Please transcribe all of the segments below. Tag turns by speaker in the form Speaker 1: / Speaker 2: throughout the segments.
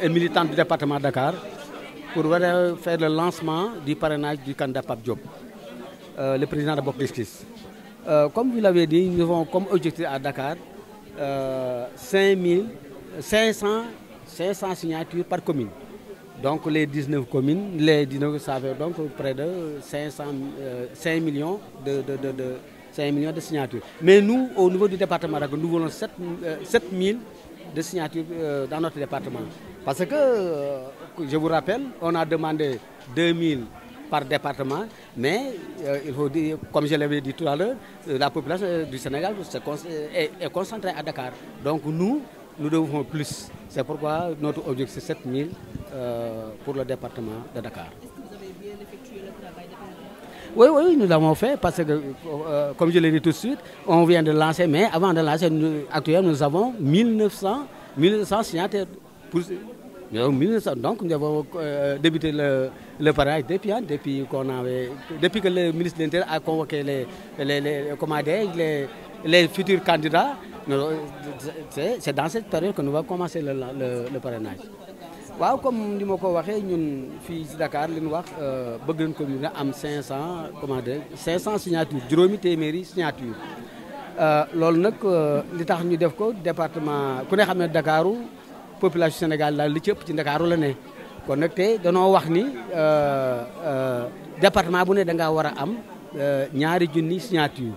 Speaker 1: et militants du département Dakar pour faire le lancement du parrainage du candidat Pape Diop, euh, le président de Bob Euh, comme vous l'avez dit, nous avons comme objectif à Dakar 500, euh, signatures par commune. Donc les 19 communes, les 19 ça fait donc près de 500, 5 euh, millions de, de un millions de signatures. Mais nous, au niveau du département nous voulons 7, 000 euh, de signatures euh, dans notre département. Parce que, euh, je vous rappelle, on a demandé 2 000 par département, mais il faut dire, comme je l'avais dit tout à l'heure, la population du Sénégal est, est, concentrée à Dakar. Donc nous, nous devons plus. C'est pourquoi notre objectif, c'est 7000 pour le département de Dakar. Oui, oui, nous l'avons fait parce que, euh, comme je l'ai dit tout de suite, on vient de lancer, mais avant de lancer, actuellement, nous avons 1900, 1900 signataires. donc nous avons euh, débuté le, le parrainage depuis, qu'on avait, depuis que le ministre de l'Intérieur a convoqué les, les, les, les, futurs candidats. C'est dans cette période que nous allons commencer le, le parrainage. waaw comme ni ma ko waxee ñun fii si Dakar li ñu wax euh, bëgg nañ commune na am 500 comment dire 500 signature juróomi téeméeri signature euh, loolu nag euh, li tax ñu def ko département ku ne xam ne Dakaru population Sénégal li ci ëpp ci Dakaru la ne kon nag te danoo wax ni département bu ne da ngaa war a am ñaari junni signature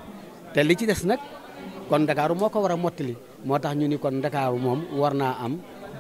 Speaker 1: te li ci des nag kon Dakaru moo ko war a mottili moo tax ñu ni kon Dakaru moom war naa am.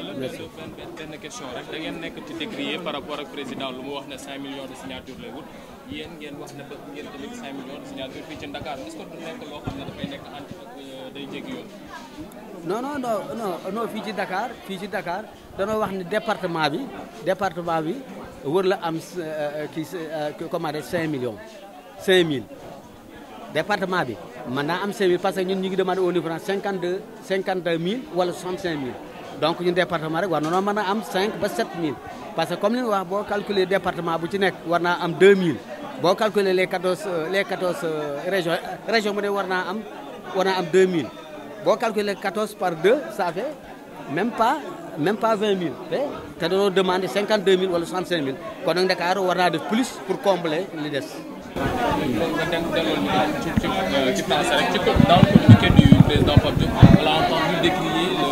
Speaker 1: benn question rek da ngeen nekk ci décrier par rapport ak président lu mu wax ne 5 millions de signatures. lay wut yéen ngeen wax ne bëgg ngeen tamit 5 millions de signatures fii ci Dakar est-ce que du nekk loo xam ne dafay nekk anti euh, day jéggi yoon. non non non non non fii ci Dakar fii ci Dakar danoo wax ni département bi département bi wër la am euh, ki euh, comment dire 5 millions 5000 département bi mën naa am 5000 parce que ñun ñu ngi demandé au niveau 52 52 000 wala 65 000 donc ñun département rek war am 5 ba 7000 parce que comme nous ñu wax le calculer département bu ci nek war 000. am 2000 bo calculer les 14 les 14 régions région bu a war 000. am war am 2000 calculer 14 par 2 ça fait même pas même pas 20 000 te dañoo demandé 52 000 wala 65 000 kon nag Dakar war plus pour combler li dess nga dans le communiqué du président on l'a entendu décrier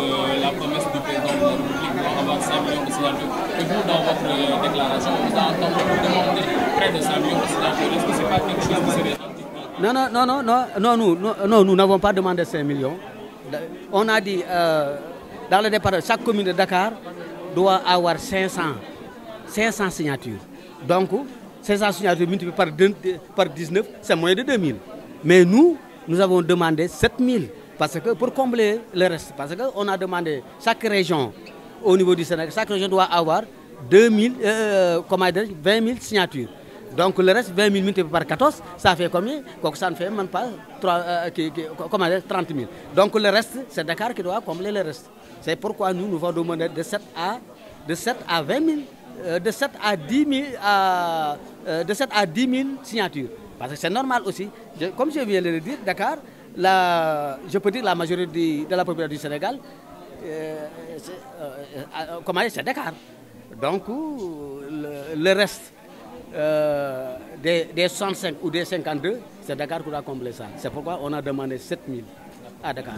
Speaker 1: 5 millions de signatures. Et vous, dans votre déclaration, vous entendez vous demander près de 5 millions de signatures. Est-ce que ce n'est pas quelque chose qui serait non, non, non, non, non, non, nous, non, nous n'avons pas demandé 5 millions. On a dit, euh, dans le départ, chaque commune de Dakar doit avoir 500, 500 signatures. Donc, 500 signatures multipliées par, par 19, c'est moins de 2000. Mais nous, nous avons demandé 7000 parce que pour combler le reste, parce qu'on a demandé chaque région au niveau du Sénégal. que je dois avoir 2000, 20 000 signatures. Donc le reste, 20 000 par 14, ça fait combien Donc ça ne fait même pas 30 000. Euh, euh, Donc le reste, c'est Dakar qui doit combler le reste. C'est pourquoi nous, nous voulons demander de 7 à, de 7 à 20 000, euh, de 7 à 10 000, de 7 à 10 signatures. Parce que c'est normal aussi. comme je viens de le dire, Dakar, je peux dire la majorité de la population du Sénégal euh, euh, euh, comment c'est Dakar. Donc, le, reste des, des, 65 ou des 52, c'est Dakar qui doit combler ça. C'est pourquoi on a demandé 7000 à Dakar.